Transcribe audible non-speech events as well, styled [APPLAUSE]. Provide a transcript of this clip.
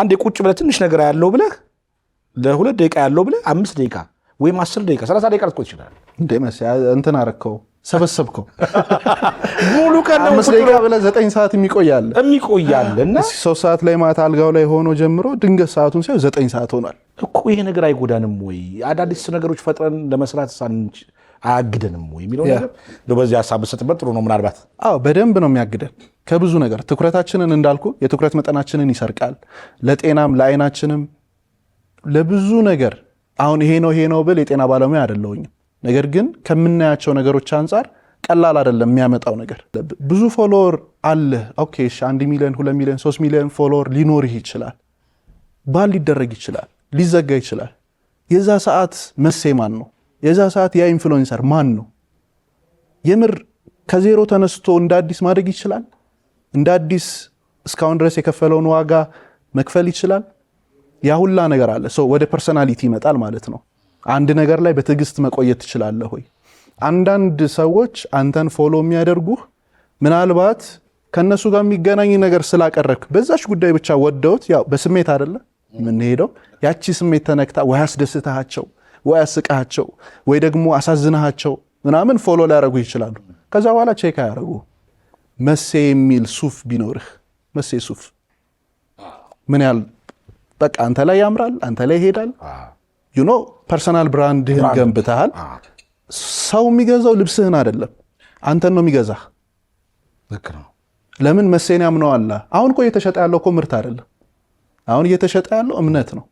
አንድ የቁጭ ብለህ ትንሽ ነገር ያለው ብለህ ለሁለት ደቂቃ ያለው ብለህ አምስት ደቂቃ ወይም አስር ደቂቃ ሰላሳ ደቂቃ ልትቆይ ትችላለህ። እንደ እንትን አረከው ሰበሰብከው [LAUGHS] ሙሉ ቀን አምስት ደቂቃ ብለህ ዘጠኝ ሰዓት የሚቆያል የሚቆያል እና ሶስት ሰዓት ላይ ማታ አልጋው ላይ ሆኖ ጀምሮ ድንገት ሰዓቱን ሲሆን ዘጠኝ ሰዓት ሆኗል እኮ። ይሄ ነገር አይጎዳንም ወይ? አዳዲስ ነገሮች ፈጥረን ለመስራት ሳንች አያግደንም ወይ የሚለው ነገር በዚህ ሀሳብ ብሰጥበት ጥሩ ነው። ምናልባት አዎ፣ በደንብ ነው የሚያግደን ከብዙ ነገር ትኩረታችንን፣ እንዳልኩ የትኩረት መጠናችንን ይሰርቃል። ለጤናም ለአይናችንም ለብዙ ነገር አሁን ይሄ ነው ይሄ ነው ብል የጤና ባለሙያ አይደለሁኝም። ነገር ግን ከምናያቸው ነገሮች አንጻር ቀላል አይደለም የሚያመጣው ነገር። ብዙ ፎሎወር አለህ፣ ኦኬ፣ አንድ ሚሊዮን ሁለት ሚሊዮን ሶስት ሚሊዮን ፎሎወር ሊኖርህ ይችላል። ባል ሊደረግ ይችላል፣ ሊዘጋ ይችላል። የዛ ሰዓት መሴ ማን ነው? የዛ ሰዓት ያ ኢንፍሉዌንሰር ማን ነው? የምር ከዜሮ ተነስቶ እንደ አዲስ ማድረግ ይችላል? እንደ አዲስ እስካሁን ድረስ የከፈለውን ዋጋ መክፈል ይችላል? ያ ሁላ ነገር አለ። ሰው ወደ ፐርሰናሊቲ ይመጣል ማለት ነው። አንድ ነገር ላይ በትዕግስት መቆየት ትችላለህ ሆይ አንዳንድ ሰዎች አንተን ፎሎ የሚያደርጉህ ምናልባት ከእነሱ ጋር የሚገናኝ ነገር ስላቀረብክ በዛች ጉዳይ ብቻ ወደውት፣ ያው በስሜት አደለ የምንሄደው፣ ያቺ ስሜት ተነክታ ወይ አስደስታቸው ወይ አስቃቸው ወይ ደግሞ አሳዝናቸው ምናምን ፎሎ ሊያደርጉ ይችላሉ። ከዛ በኋላ ቼክ አያደርጉ። መሴ የሚል ሱፍ ቢኖርህ መሴ ሱፍ ምን ያህል በቃ አንተ ላይ ያምራል፣ አንተ ላይ ይሄዳል። ዩኖ ፐርሰናል ብራንድህን ገንብተሃል። ሰው የሚገዛው ልብስህን አይደለም፣ አንተን ነው የሚገዛህ። ለምን መሴን ያምነዋላ። አሁን እኮ እየተሸጠ ያለው እኮ ምርት አይደለም። አሁን እየተሸጠ ያለው እምነት ነው።